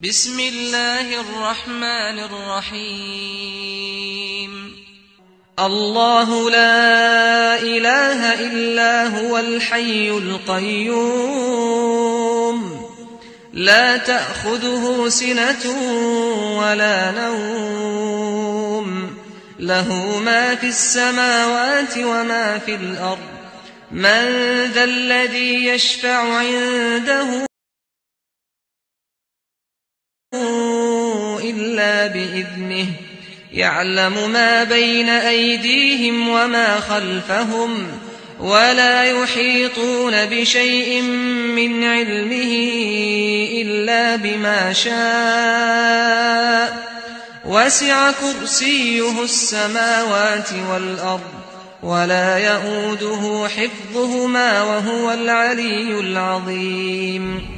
بسم الله الرحمن الرحيم الله لا اله الا هو الحي القيوم لا تاخذه سنه ولا نوم له ما في السماوات وما في الارض من ذا الذي يشفع عنده إلا بإذنه يعلم ما بين أيديهم وما خلفهم ولا يحيطون بشيء من علمه إلا بما شاء وسع كرسيه السماوات والأرض ولا يئوده حفظهما وهو العلي العظيم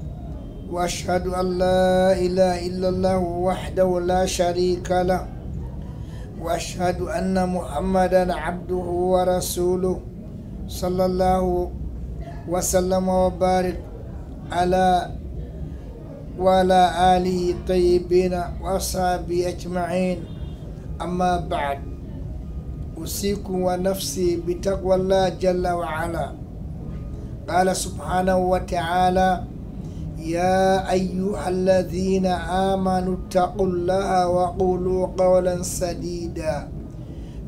وأشهد أن لا إله إلا الله وحده لا شريك له وأشهد أن محمدا عبده ورسوله صلى الله وسلم وبارك على وعلى آله الطيبين وأصحابه أجمعين أما بعد أوصيكم ونفسي بتقوى الله جل وعلا قال سبحانه وتعالى يا أيها الذين آمنوا اتقوا الله وقولوا قولا سديدا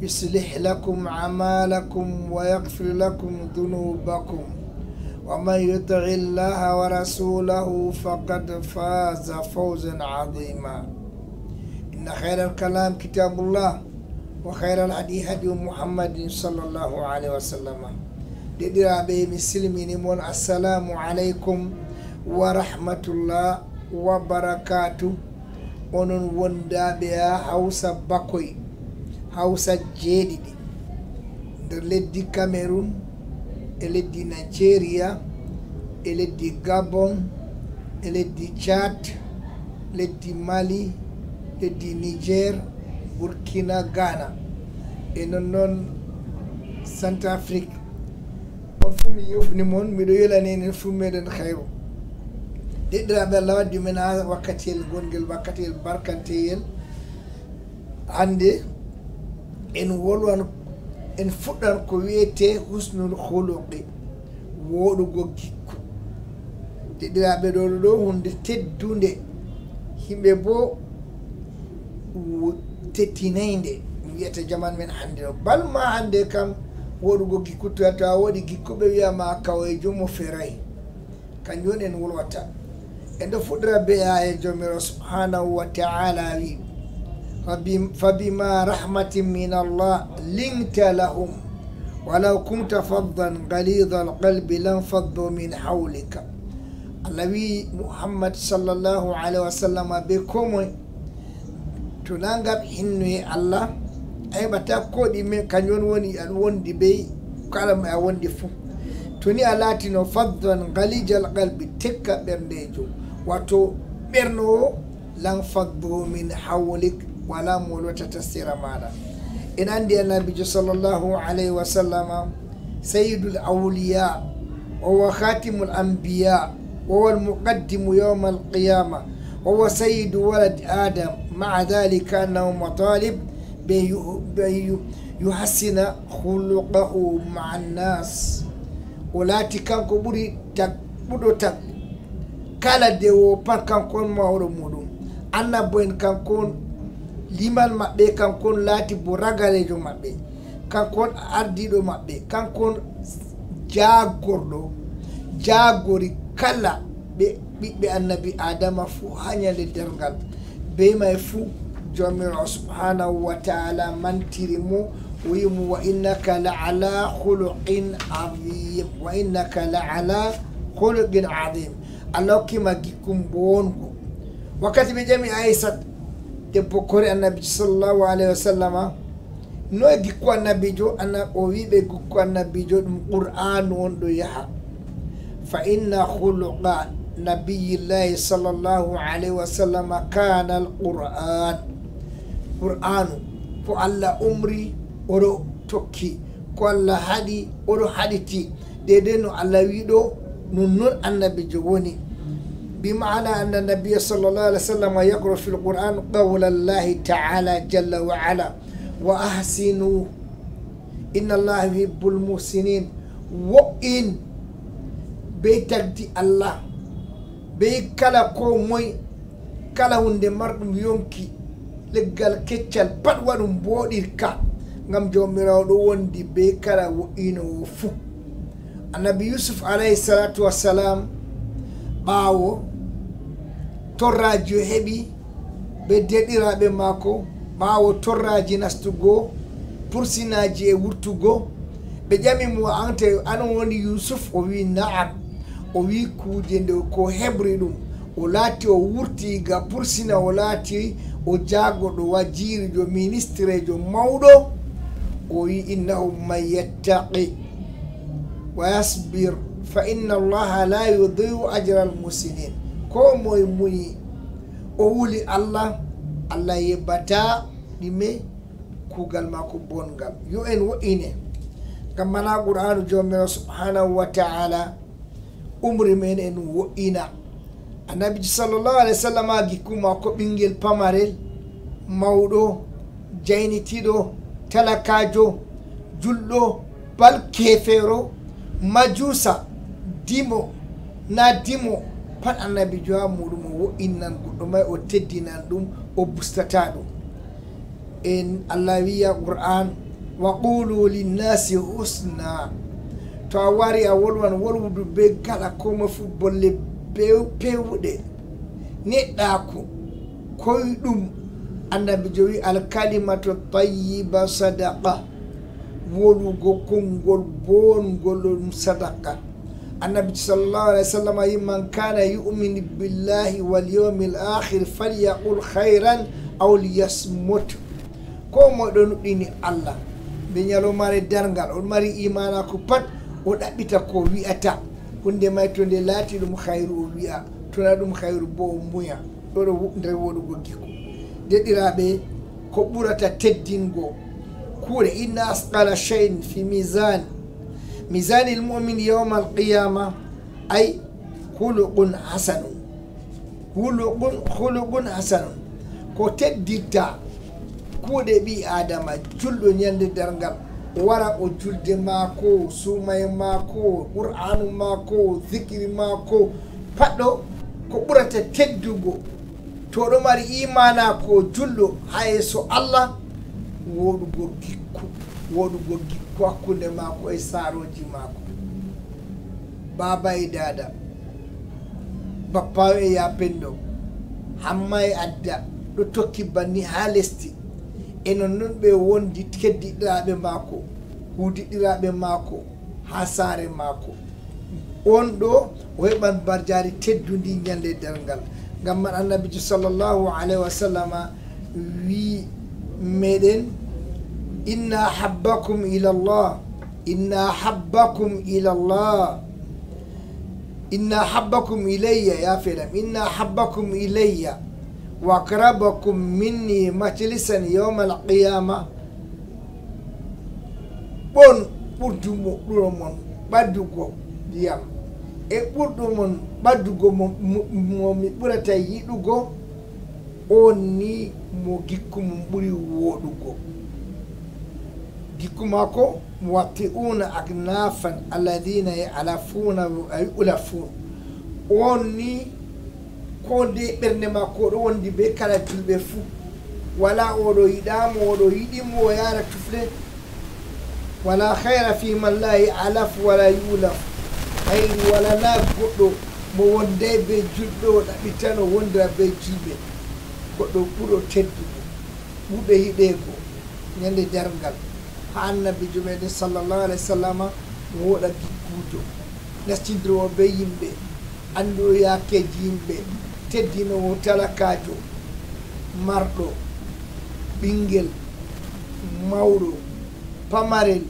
يصلح لكم أعمالكم ويغفر لكم ذنوبكم ومن يطع الله ورسوله فقد فاز فوزا عظيما إن خير الكلام كتاب الله وخير الهدي هدي محمد صلى الله عليه وسلم ديدرا بي مسلمين السلام عليكم wa rahmatullah wa barakatu onon wondaɓe ha hawsa bakoy hawsa jeeɗiɗi nder leddi cameron e leddi nigeria e leddi gabon e leddi chat leddi mali leddi niger burkina ghana e non noon centrafrique on fu mi yofni moon miɗo yolanenen fu meɗen hayru deɗiraɓe allah waddi men ha wakkatiyel gonguel wakkatiyel barkanteyel hande en wolwan en fuɗɗan ko wiyete husnul huluqi woɗugo gikku deɗiraɓe ɗoɗo ɗo hunde teddunde himɓe bo tettinayde wiyete jaman men hande o balma hande kam woɗugo gikku tata waɗi gikkuɓe wiyama kawayjo mo feray kanjum en wolwata eɗo fuɗɗira be ayel jomiro subhanahu wa taala wi fabima rahmatin min allah linta lahum walaw kunta faddan galida alqalbi lan faddu min hawlika allah wi muhammad sallllahu alayhi wa sallam be komoe to na ngam hinnoye allah a heɓata koɗime kañum woni aɗa wondi be kala ma a wondi fuu to ni a laatino faddan galija alqalbi tekka ɓerndejo wato ɓerno o lan faddu min hawlik wala mo lotata sira maɗa en andi annabijo sallllahu alayhi wa sallama sayidul awliya وهو خاتم الأنبياء وهو المقدم يوم القيامة وهو سيد ولد آدم مع ذلك أنه مطالب بأن يحسن خلقه مع الناس ولاتي كان كبري تك بدو تك kala dewo pat kankon mawɗo muɗum annabo en kankon limal maɓɓe kankon laati bo ragalejo maɓɓe kankon ardiɗo maɓɓe kankon jagorɗo jagori kala ɓe ɓiɓɓe annabi adama fu ha ñande dergal be may fu jomiro subhanahu wa taala mantiri mo wi mo wa innaka la ala holoin avim wa innaka la ala holoin avim alokki magikum bonko wakati wakkati ɓe ƴami aissat debbo kore annabijo sallllahu alayhi wa sallama noye gikku annabijo ana o wiɓe gikku annabijo ɗum qur'anu on ɗo yaha fa inna huluqa nabiyillahi sallllahu alayhi wa sallama kana al qur'an qur'anu ko allah umri oɗo tokki ko allah haɗi oɗo haɗiti dede no allah wiɗo nonnon annabijo woni bimana anna nabiya sall llah alih w sallam yaqro fi lquran qawla llahi taala jalla wa ala wa ahsinu inna allaha yuhibbu lmuhsinin wo'in bey tagdi allah bey kala ko moy kala hunde marɗum yonki leggal keccal pat waɗum booɗirka ngam jawmirawo ɗo wondi be kala wo'inowo fuu annabi yusuf alayhi salatu wassalam ɓaawo torraji heeɓi ɓe deɗiraɓe maako ɓawo torraji nastugo pursinaji e wurtugo ɓe ƴamimo ante an woni yusuf o wi naam o wi kuje nde ko heɓri ɗum o laati o wurtiga pursina o laati o jagoɗo wajirijo ministre jo mawɗo o wi innahu man yettaqi wa yasbir fa inna allaha la yudiu ajral muslin ko moye muñi o wuli allah allah yebbata ɗime kugal mako bongal yo en woɗine gam mala qouranu jomiro subhanahu wa taala umri men en woɗina annabiji sallllahu alah w sallam agi kumako ɓinguel pamarel mawɗo jaynitiɗo talakajo julɗo bal kefero majusa dimo na dimo pat annabi joa muɗum o wo'innan goɗɗo may o teddinan ɗum o bustata ɗum en allah wiya qur'an wa qulu linnasi husna to a wari a wolwan wolwudu be gala komo fu bolle pewɗe neɗɗako koy ɗum annabi jo wi alkalimatu tayiba sadaqa wolugo konngol bongol ɗum sadaqa annabi salllahu alah wa sallam yi man kana yuminu billahi walyawmi l akhir falyaqul hayran aw liyasmut ko moɗo nuɗɗini allah ɓe ñalomare dargal on mari imanako pat o ɗaɓɓita ko wiyata hunde may to nde laati ɗum hayru o wiya tona ɗum hayru bo o muya ɗoɗo nder woɗugo gikku deɗiraɓe ko ɓurata teddingo kuure inna asqala cheyn fi misane misani lmumine yawma alqiyama ay hulukun hasanu hulukun hulukun hasanun ko teddirta kuuɗe ɓi adama julɗo ñande dargal wara o julde maako suumaye maako qur'anu maako zicri maako paɗɗo ko ɓurata teddugo to ɗo mari imana ko julɗo hayeso allah woɗugo gikku woɗugo hakkunde maako e saaroji maako baba e dada bappa e yapendo hamma e adda ɗo tokki banni ha lesdi e nonnon ɓe wondi keddiɗiraɓe maako hudiɗiraɓe maako ha saare maako on ɗo o heɓan barjari teddundi ñalle dalngal ngam man annabijo sallllahu alayhi wa sallama wi meɗen İnna habbakum ilallah. İnna habbakum ilallah. İnna habbakum ileyye ya filan. İnna habbakum ileyye. Ve akrabakum minni meclisen yevmel kıyama. Bon burcumu durumun badugo diyam. E burdumun badugo momi burata yiɗugo on ni mo gikku mum bikumako muwatiuna agnafan alladhina yalafuna ulafun on ni ko nde ɓernde makko ɗo wondi be kala julɓe fuu wala oɗo yiɗamo oɗo yiɗimo o yara tufle wala hayra fi man la yalaf wala yulaf hayru wala na goɗɗo mo wonday be julɓe o ɗaɓitan o wondira be julɓe goɗɗo ɓuuro teddugo ɓuuɓe yiɗego ñande jarngal ha annabijo meɗen sallllahu alah w sallama woɗa giggujo nastindirowo be yimɓe anduɗo yakkeji yimɓe teddinowo talakajo marɗo ɓinguel mawɗo pamarel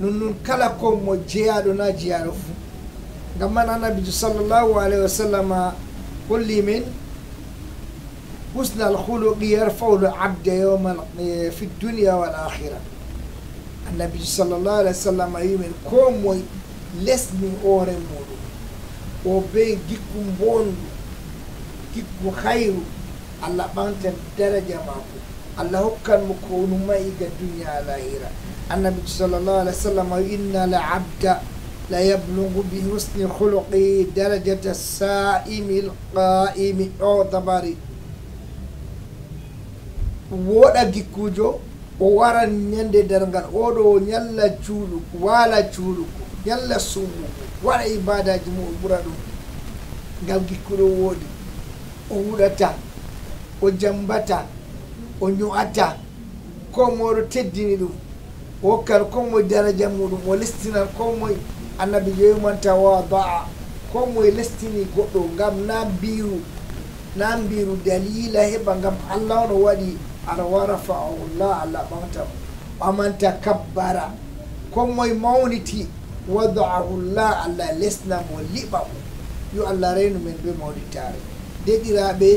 nonnon kala ko mo jeyaɗo na jeyaɗo fuu ngam man annabijo sallllahu alayhi wa sallama holli min husna alhuluqi yarfaulo abda yawma fi dunia wal akhira nabiji sallllahu alih wa sallam a wimen ko moye lesni oore muɗum o be gikku bonndu gikku hayru allah ɓanten daraja mako allah hokkan mo kowno mayiga duniya lahira annabiji sallllahu alih wa sallam a wi inna la abda la yablugu bi husni holoqi darajata saimi lqaimi o dabari woɗa gikkujo o waran ñande dergal oɗo ñalla cuuɗuko waala cuuɗuko ñalla sumu waɗa ibadaji mu o ɓura ɗum ngam gikkuɗo woodi o huɗata o jambata o ño'ata ko moɗo teddini ɗum o hokkat ko moye daraja muɗum o lestinan ko moye annabi jowimanta wadaa ko moye lestini goɗɗo ngam na mbiru na mbiru dalila heɓa ngam allah ono waɗi ara warafaullah ala ɓamtam ɓamanta kabbara komoye mawniti wadaahullah allah lesnamo liɓa mo yo allah reynu men be mawnitare deɗiraɓe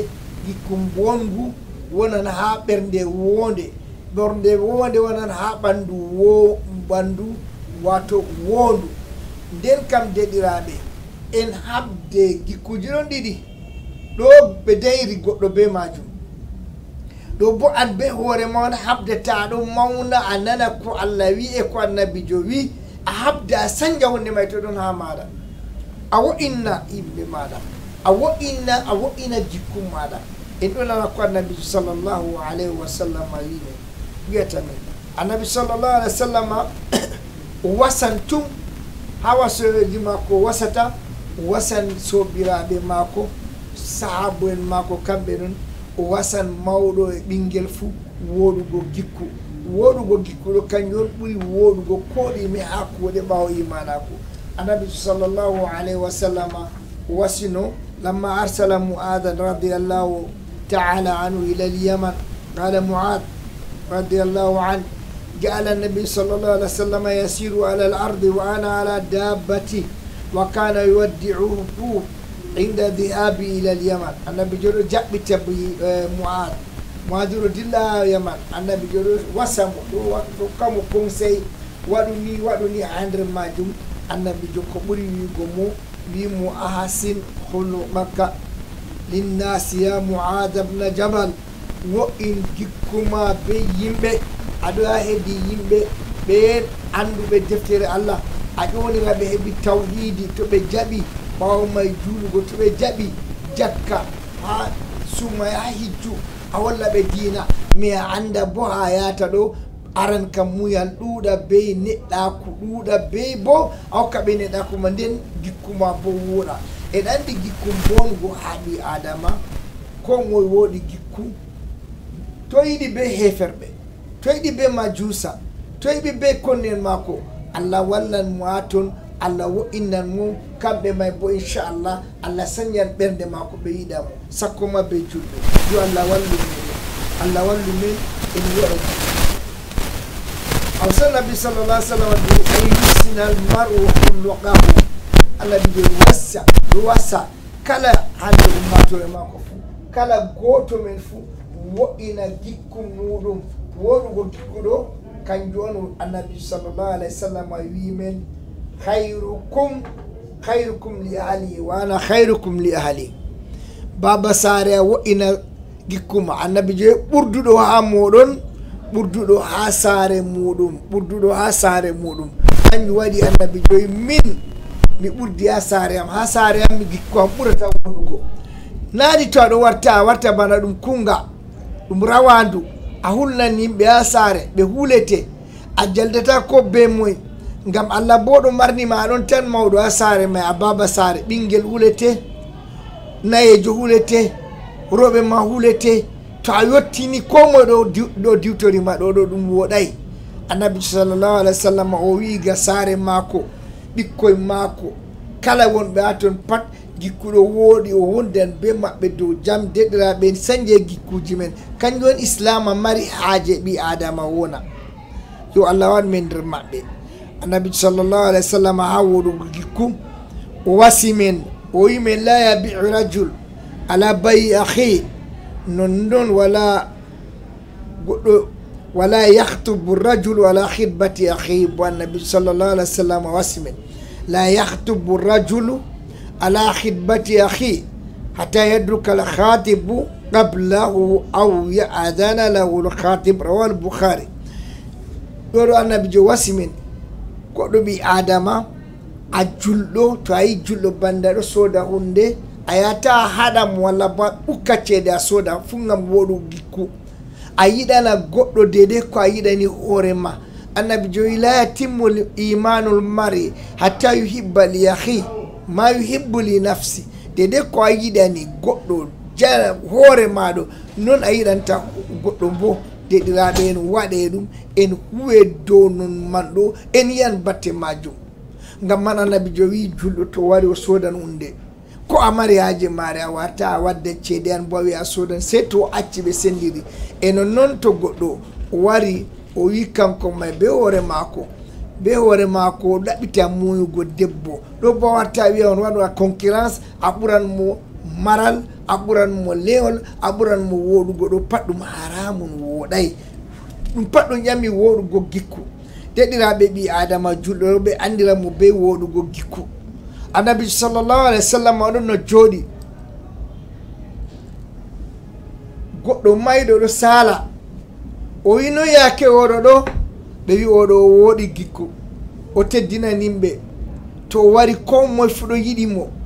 gikkum bongu wonan ha ɓernde wonde ɓernde wonde wonan ha ɓandu wo ɓandu wato wondu nden kam deɗiraɓe en habde gikkuji ɗon ɗiɗi ɗo ɓe dayri goɗɗo be majum ɗo bo an be hoore ma on habde taɗo mawna a nana ko allah wi e ko annabi jo wi a habde a sañja wonde may to ɗon ha maɗa a woɗinna yimɓe maɗa a woɗinna a woɗina jikkum maɗa en ɗo nana ko annabi sallllahu alayhi wa sallam wime wiyatami annabi sallllahu alah wa sallam o wasan tum ha wasoji makko wasata wasan sobiraɓe maako sahabu en maako kamɓe non wasan mawɗo e ɓinguel fuu woɗugo gikku woɗugo gikkuɗo kañum on ɓuuri woɗugo koɗimi ha kuuɗe ɓawo imanako annabitu sallllahu alayhi wa sallama wasino lamma arsala muadan radiallahu taala anhu ila lyaman qala muad radiallahu an جعل النبي صلى الله عليه وسلم يسير على الأرض وأنا على دابتي وكان يودعه inde dhiabi ila l yaman annabi joɗo jaɓɓi tebbi moad moadiro dilla yaman annabi joɗo wasamo ɗo tokkamo conseil waɗu ni waɗu ni ha nder majum annabi jo ko ɓuuri wigo mo wimo ahasin holno makka linnasiya moada bna jabal wo'in gikkuma be yimɓe aɗoya heedi yimɓe ɓeen annduɓe deftere allah a ƴoniraɓe heeɓi tawhidi to ɓe jaɓi ɓawa may juulugo to ɓe jaɓi jakka ha sumay ha hijju a walla ɓe diina mi a annda bo ha yata ɗo aran kam muyal ɗuuɗa bey neɗɗaku ɗuuɗa bey bo a hokka ɓe neɗɗaku ma nden gikkuma bo wuuɗa e ɗanndi gikku bongo ha ɓi adama ko moy wooɗi gikku to yiɗi be heferɓe to yiɗi be ma juusa to yiɓi be konnen maako allah wallan mo a toon allah wo innan mo kamɓe may bo inchallah allah sañan ɓernde ma ko ɓe yiɗamo sakko mabɓe juɗɓe yo allah wallu min allah wallu min en yoɗa aw sa nabi sallallah sallam du en yissinal maro kullo qahu allah ɗi ɓe wassa wassa kala hande ummatore makko fo kala goto men fo wo'ina gikku muɗum woɗugo gikkuɗo kanjum on annabi sallallah alayhi sallam wi men hayrukum khayrukum li ahli wana khayrukum li ahli baba sare a woina gikkuma annabi joyi ɓurduɗo ha moɗon ɓurduɗo ha sare muɗum ɓurduɗo ha sare muɗum kanju waɗi annabi joyi min mi ɓurdi ha sare am ha sare am mi gikkuam ɓurata woɗugo naadi to aɗo warta a warta bana ɗum kunga ɗum rawandu a hulnan yimɓe ha sare ɓe huulete a jaldata ko be moye gam allah bo ɗo marnima ɗon tan mawɗo ha saare ma a baba saare ɓinguel hulete nayejo hulete roɓe ma hulete to a yettini ko moe ɗo ɗo diwtorima ɗo ɗo ɗum woɗay annabi sallallahu alah w sallam o wiga saare maako ɗikkoye maako kala wonɓe ha toon pat gikkuɗo wooɗi o wondan be maɓɓe dow jam deɗiraɓe sañde gikkuji men kañum woni islama mari haaje ɓi adama wona yo allah wan men nder maɓɓe النبي صلى الله عليه وسلم عاود جيكو وواسمين ويمن لا يبيع رجل على بي أخي نون ولا ولا يخطب الرجل ولا خطبة أخي والنبي صلى الله عليه وسلم واسمين لا يخطب الرجل على خطبة أخي حتى يدرك الخاطب قبله أو يأذن له الخاطب رواه البخاري يقول النبي واسمين goɗɗo ɓi adama a julɗo to a yi julɗo banda ɗo soda hunde a yata a haɗam walla ba ɓukka ceede a soda fu gam woɗu gikku a yiɗana goɗɗo dede ko a yiɗani hoore ma annabi joyi la yatimmul imanul mari hatta yuhibba li yahi ma yuhibbu li nafsi dede ko a yiɗani goɗɗo ja hoore maɗo noon a yiɗanta goɗɗo boo deɗiraɓe en waɗe ɗum en huwe dow non man ɗo en yiyan batte majum gam man annabi jo wi julɗo to wari o sodan unde ko a mari haji maare a warta a wadda ceede an bowi a sodan se to acci ɓe sendiri e non noon to goɗɗo wari o wi kanko may be hoore maako be hoore maako o ɗaɓɓita muñugo debbo ɗo bo warta wiya on waɗa concurrence a ɓuran mo maral a ɓuranmo lewol a ɓuranmo woɗugo ɗo pat ɗum haramum woɗay ɗum pat ɗum ƴami woɗugo gikku deɗiraɓe ɓi adama julɗoɓe andiramo be woɗugo gikku annabi sallllahu alah wa sallam oɗon no jooɗi goɗɗo mayɗo ɗo saala o wino yake oɗo ɗo ɓe wi oɗo o woɗi gikku o teddinanimɓe to o wari kon moe fuɗo yiɗimo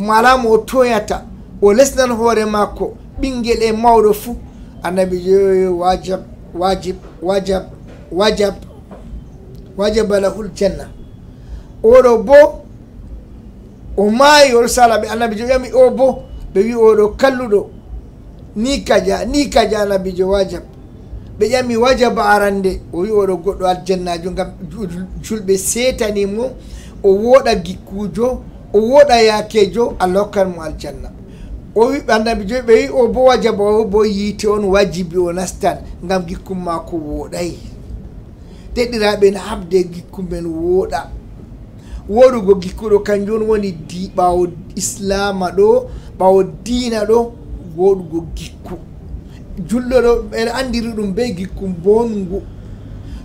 malama o toyata o lesnan hoore makko ɓinguel e mawɗo fou annabi jeyoyo wajab wajib wajab wajab wajaba lahul janna oɗo bo o maayi ol salaɓe annabi jo ƴami o bo ɓe wi oɗo kalluɗo ni kaja ni kaja annabi jo wajab ɓe ƴami wajaba arande o wi oɗo goɗɗo aljannajo gam julɓe setanimo o woɗa gikkujo o woɗa yakejo a lokkan mo aljanna o wi annabi joni ɓe wi o bo wajaba o bo yiite on wajibi o nastan gam gikkum mako wooɗay deɗiraɓe n habde gikku men wooɗa woɗugo gikkuɗo kanjum on woni di ɓawo islama ɗo ɓawo diina ɗo woɗugo gikku julloɗo en andiri ɗum be gikku bongu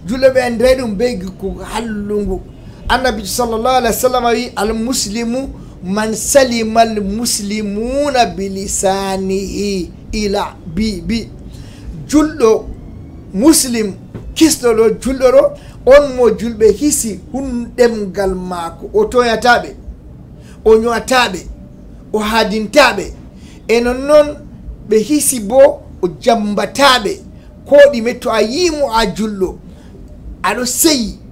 julloɓe andiray ɗum be gikku hallungu annabi sallllah alih wa sallam wi almuslimu man salima almuslimuna bilisanihi ila bi bi julɗo muslim kisɗo ɗo julɗo ɗo on mo julɓe hisi hun ɗemgal maako o toyataɓe o ñowataɓe o haadintaɓe e non noon ɓe hisi bo o jambataɓe ko ɗime to a yimo a julɗo aɗo seyi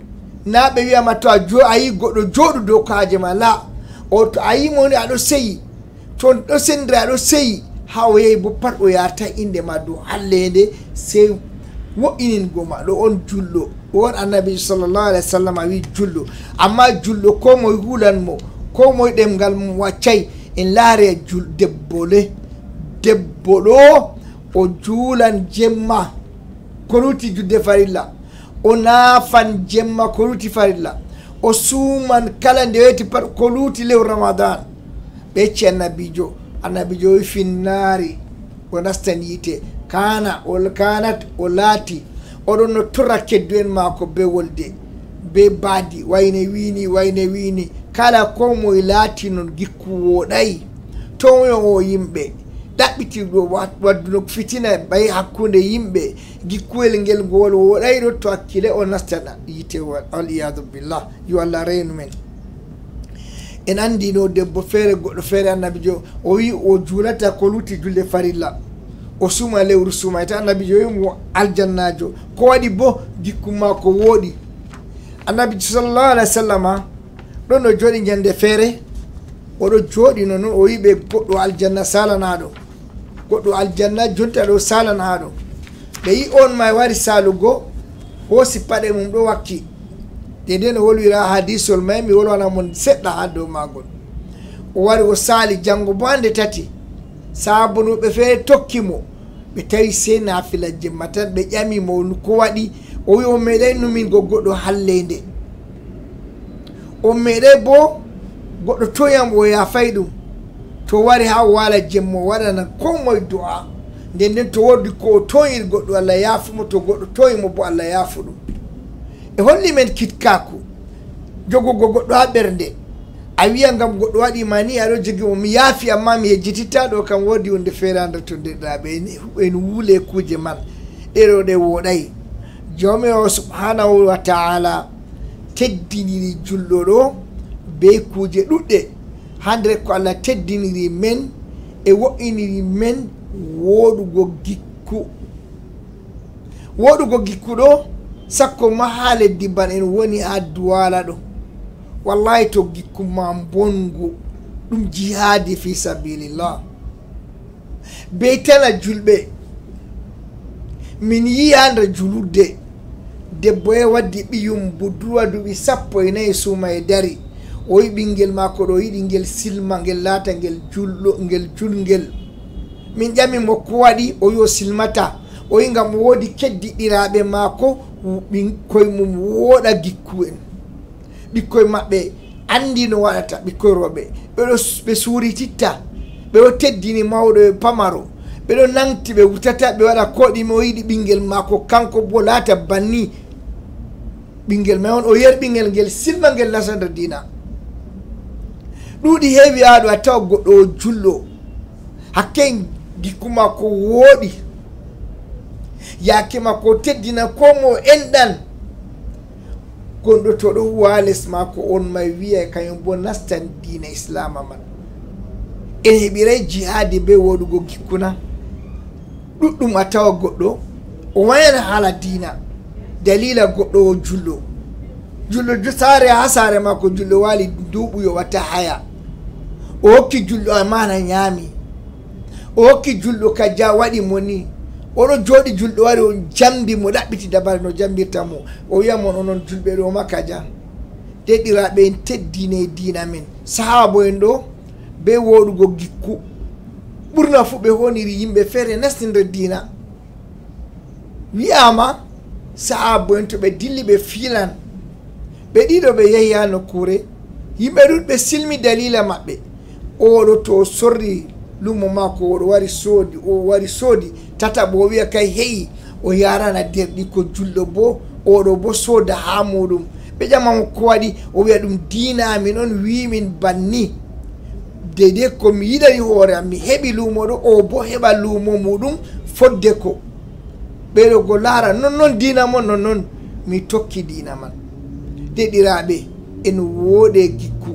na ɓe wiyama to a ayi goɗɗo jooɗu dow kaaje ma la o to a yi mowni aɗo seyi to ɗo sendira aɗo seyi ha o yehi bo pat o yata inde ma dow hallede sey wo'iningo ma ɗo on jullo won annabi sallllahu alah wa sallam a wi jullo amma jullo ko moye hulan mo ko moye ɗemgal mum waccay en laare debbo le debbo ɗo o juulan jemma ko ruti judde farilla o naafan jemma ko luti farilla o suuman kala nde weyti pat ko luuti lew ramadan ɓe cci annabijo annabijo wi finnaari o nastan yiite kana o kanat o laati oɗon no torra keddu en maako be wolde be baadi wayne wiini wayne wiini kala ko moye laati noon gikku wooɗayi towyo o yimɓe ɗaɓɓitirɗo wadduno fitina e ɓayi hakkunde yimɓe gikkuwel ngel ngol woɗayɗo to hakkile o nastaɗa yitewal aliyadubillah yo allah reynu men en andino debbo feere goɗɗo feere annabi jo o wi o juulata ko lutti julde farilla o suma lewru sumay ta annabi jo wimo aljannajo ko waɗi bo gikkuma ko wooɗi annabi sallallahu alah wa sallam ɗon o jooɗi ñande feere oɗo jooɗino noon o wiɓe goɗɗo aljanna salanaɗo goɗɗo aljanna jonta ɗo salana ha ɗo ɓe yi on ma wari salugo hoosi paɗe mum ɗo wakki de nden o wolwira hadisol may mi wolwana mon seɗɗa ha dow magol o wari o sali janggo bo ande tati sabunuɓe feere tokki mo ɓe tawi sey nafila jemma tan ɓe ƴamimo ko waɗi o wi o meeɗay numin go goɗɗo hallede o meeɗay bo goɗɗo toyam o yafay ɗum to wari ha wala jemmo waɗana ko moye do'a nden nden to wordi ko toyir goɗɗo allah yaafumo to goɗɗo toyimo bo allah yaafu ɗum e holli men kitkaku jogogo goɗɗo ha ɓernde a wiya gam goɗɗo waɗima ni aɗo jogimo mi yaafi amma mi hejjititta ɗo kam wodi wonde feerande to ndeɗaɓe en wuule kuuje man ɗeɗo ɗe wooɗayi jawmi o subhanahu wa taala teddiɗiri julɗo ɗo be kuuje ɗuɗɗe hande ko allah teddiniri men e wo'iniri men woɗugo gikku woɗugo gikkuɗo sakko ma ha leddi ban en woni ha duwala ɗo wallahi to gikku ma bongu ɗum jihadi fi sabilillah be tala julɓe min yiyande julurde debbo e waddi ɓiyum budurwa duɓi sappo e nayyi suma e dari oyi ɓinguel makko ɗo yiɗi guel silma guel laata guel julɗo guel culguel min ƴamimo ko waɗi o yo silmata oyi gam woodi keddi ɗiraɓe maako ɓikkoye mum wooɗa gikku en ɓikkoye maɓɓe andi no waɗata ɓikkoye roɓe ɓeɗo ɓe suuri titta ɓeɗo teddini mawɗo e pamaro ɓeɗo nanti ɓe wutata ɓe waɗa koɗimi o yiɗi ɓinguel maako kanko bo laata banni ɓinguel may on o yer ɓinguel guel silma guel nasanda dina ɗuuɗi heewi aaɗo a tawa goɗɗo o julɗo hakke gikkuma ko wooɗi yaake makko teddina ko mo enɗan gonɗo to ɗo huwa les maako on may wiya kañum bo nastan diina islama man en heɓiray jihaadi be woɗugo gikkuna ɗuɗɗum a tawa goɗɗo o wayana haala diina dalila goɗɗo o julɗo julɗo sare ha sare makko julɗo waali nduuɓuyo watta haya o hokki julɗo amana ñaami o hokki julɗo ka ja waɗi mo ni oɗo jooɗi julɗo wari o jambi mo ɗaɓɓiti dabare no jambirta mo o wiya mon onon julɓe ɗo makka ja de ɗiraɓe en teddine e dina men sahaba bo en ɗo be woɗugo gikku ɓurna fuu ɓe honiri yimɓe feere nasti nder dina wiyama sahaba bo en to ɓe dilli ɓe filan ɓe ɗiɗo ɓe yehi ha nokkure yimɓe ɗuɗɓe silmi dalila maɓɓe oɗo to sorri lumo mako oɗo wari soodi o wari soodi tataɓo o wiya kay heyi o yarana derɗi ko julɗo bo oɗo bo sooda ha muɗum ɓe ƴamamo ko waɗi o wiya ɗum dinamin on wimin banni deydei komi yiɗani hoore am mi heɓi lumo ɗo o bo heɓa lumo muɗum fodde ko ɓeɗo go laara nonnoon dina mo nonnoon mi tokki dina man deɗiraɓe en wooɗe gikku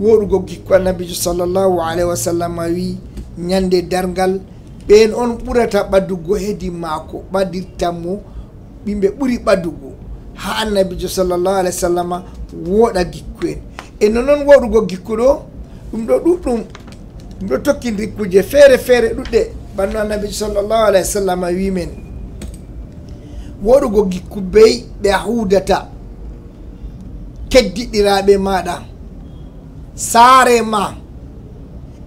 woɗugo gikku annabijo sallllahu alayhi wa sallam wi ñande dargal ɓen on ɓurata ɓaddugo heedi maako ɓaddirtanmo ɓimɓe ɓuri ɓaddugo ha annabijo sallllahu alah wa sallam wooɗa gikku en e non noon woɗugo gikku ɗo ɗum ɗo ɗuɗɗum ɗum ɗo tokkidir kuje feere feere ɗuɗɗe banno annabijo sallllahu alah wa sallam wimen woɗugo gikku bey ɓe hudata keddiɗiraɓe maɗa saare ma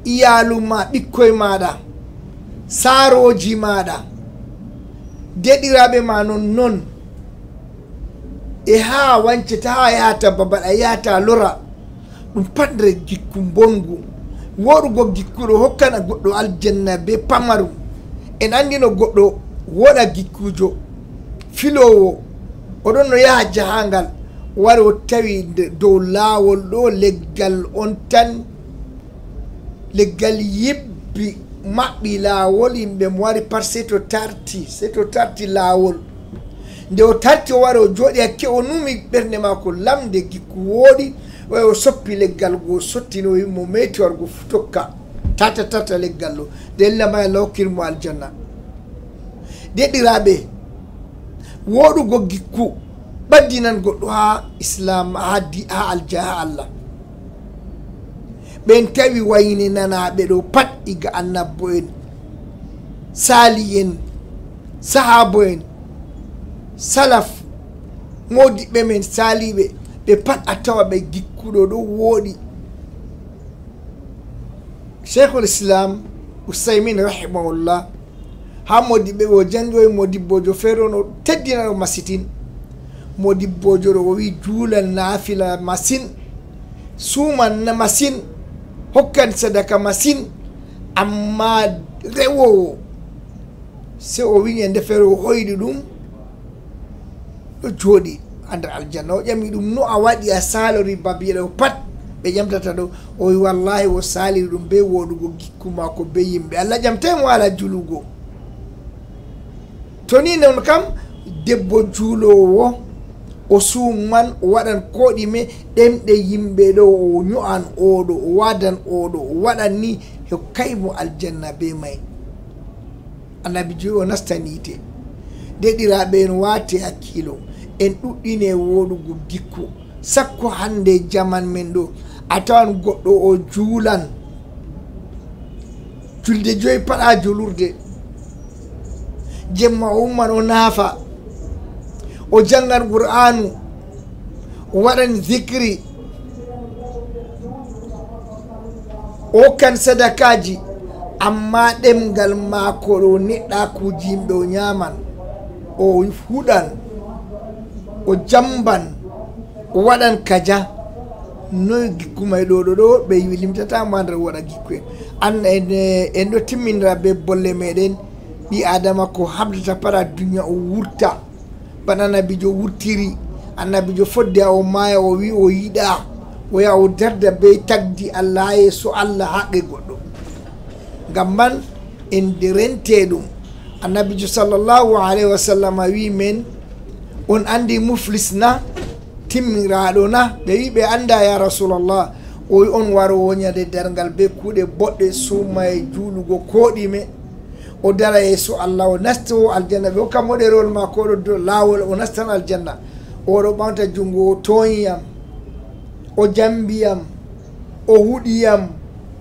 iyalu ma ɓikkoye maɗa saroji maɗa deɗiraɓe ma non non e ha wancata ha yahata babal a yahata lora ɗum patre gikku bongu woɗugo gikkuɗo hokkana goɗɗo aljanna be pamaru en andino goɗɗo woɗa gikkujo filowo oɗon no yaha jahangal wari o tawi dow laawol ɗo leggal on tan leggal yebbi maɓɓi laawol yimɓe mo wari pat se to tarti se to tarti laawol nde o tarti o wari o jooɗi hakke o numi ɓernde maako lamde gikku wooɗi way o soppi leggal go sottino yimmo meti wargo fu tokka tata tata leggal ɗo nde llama e allah hokkirmo aljanna deɗiraɓe woɗugo gikku ɓaddinan goɗɗo ha islam haddi ha alja ha allah ɓen tawi wayne nanaɓe ɗo pat iga annabbo en sali en sahabo en salaf modiɓɓe men saliɓe ɓe pat a tawa ɓe gikkuɗo ɗo wooɗi cheikhul islam usaymin rahimahullah ha modiɓɓe o jangoye modibbojo feere on o teddinaɗo masitine modibbo joro o wi juula naafila masine suuman masine hokkan sadaka masine amma rewowo se o wiñe ndefere o hoyɗi ɗum ɗo jooɗi andar aljanna o ƴami ɗum no a waɗi a salori babiyeɗo pat ɓe ƴamtata ɗo o wi wallahi o saliri ɗum be woɗugo gikku mako be yimɓe allah jam tan wala julugo to ni non kam debbo juulowo o suman o waɗan koɗime ɗemɗe yimɓe ɗo o ño'an oɗo o wadan oɗo o waɗan ni hokkay mo aljanna be may annabi joyi o nastanite deɗiraɓe en wate hakkilo en ɗuɗɗine woɗugo dikku sakko hande jaman men ɗo a tawan goɗɗo o juulan julde joyi paɗa julurde jemma umman o naafa o jangan qur'anu o waɗan zikri o hokkan sadakaji amma ɗemgal maako ɗo neɗɗa kuji yimɓe o ñaman o huɗan o jamban o waɗan kaja noy gikku may ɗo ɗo ɗo ɓe limtatama nder waɗa gikku en an en ɗo timminira be bolle meɗen ɓi adama ko habdata para duniya o wurta bana annabijo wurtiri annabijo fodde o maya o wi o yiɗa woya o darda be tagdi allah yeeso allah haqe goɗɗo ngam man en rente ɗum annabijo sallllahu alayhi wa sallam wi men on andi muflis na timmiraɗo na ɓe wi ɓe anda ya rasulllah o on waro woñade dargal be kuuɗe boɗɗe suma e juulugo koɗime o dara yeeso allah o nasta o aljanna ɓe hokkam moɗerol ma ko ɗo laawol o nastan aljanna oɗo ɓamta junngo o tooyiyam o jambiyam o huɗiyam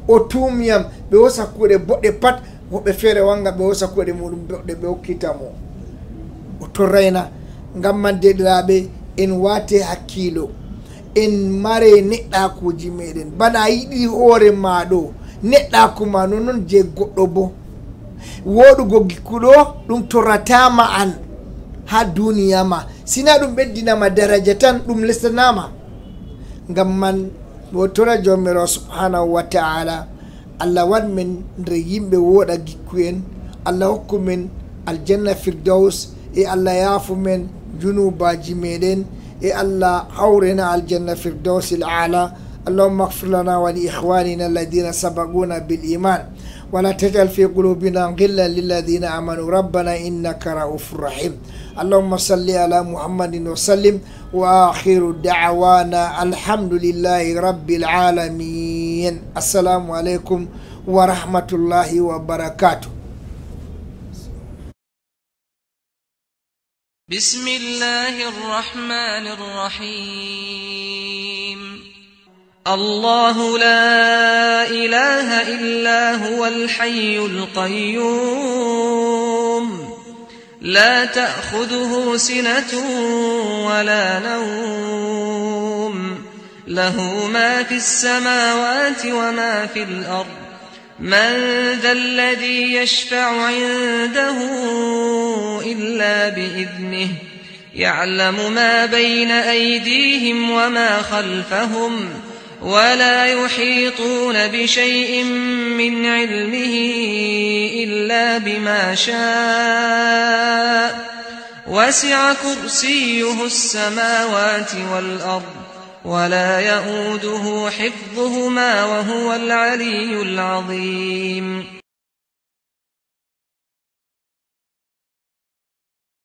o tumiyam ɓe hosa kuuɗe boɗɗe pat woɓɓe feere wanga ɓe hosa kuuɗe muɗum boɗɗe ɓe hokkitamo o torrayna ngam man deɗiraaɓe en waate hakkiilo en mare neɗɗakuji meɗen bana yiɗi hoore ma ɗo neɗɗaku ma non noon je goɗɗo boo woɗugo gikkuɗo ɗum torratama an ha duniyama sina ɗum ɓeddinama daraja tan ɗum lesanama ngam man o tora jomirawo subhanahu wa taala allah wan min nder yimɓe woɗa gikku en allah hokku men aljanna firdaus e allah yaafu men junubaji meɗen e allah hawrena aljanna firdaus l ala allahumma gfir lana wa li ihwanina alladina sabaquna bil iman ولا تجعل في قلوبنا غلا للذين امنوا ربنا انك رؤوف رحيم اللهم صل على محمد وسلم واخر دعوانا الحمد لله رب العالمين السلام عليكم ورحمه الله وبركاته بسم الله الرحمن الرحيم الله لا إله إلا هو الحي القيوم لا تأخذه سنة ولا نوم له ما في السماوات وما في الأرض من ذا الذي يشفع عنده إلا بإذنه يعلم ما بين أيديهم وما خلفهم ولا يحيطون بشيء من علمه إلا بما شاء وسع كرسيه السماوات والأرض ولا يئوده حفظهما وهو العلي العظيم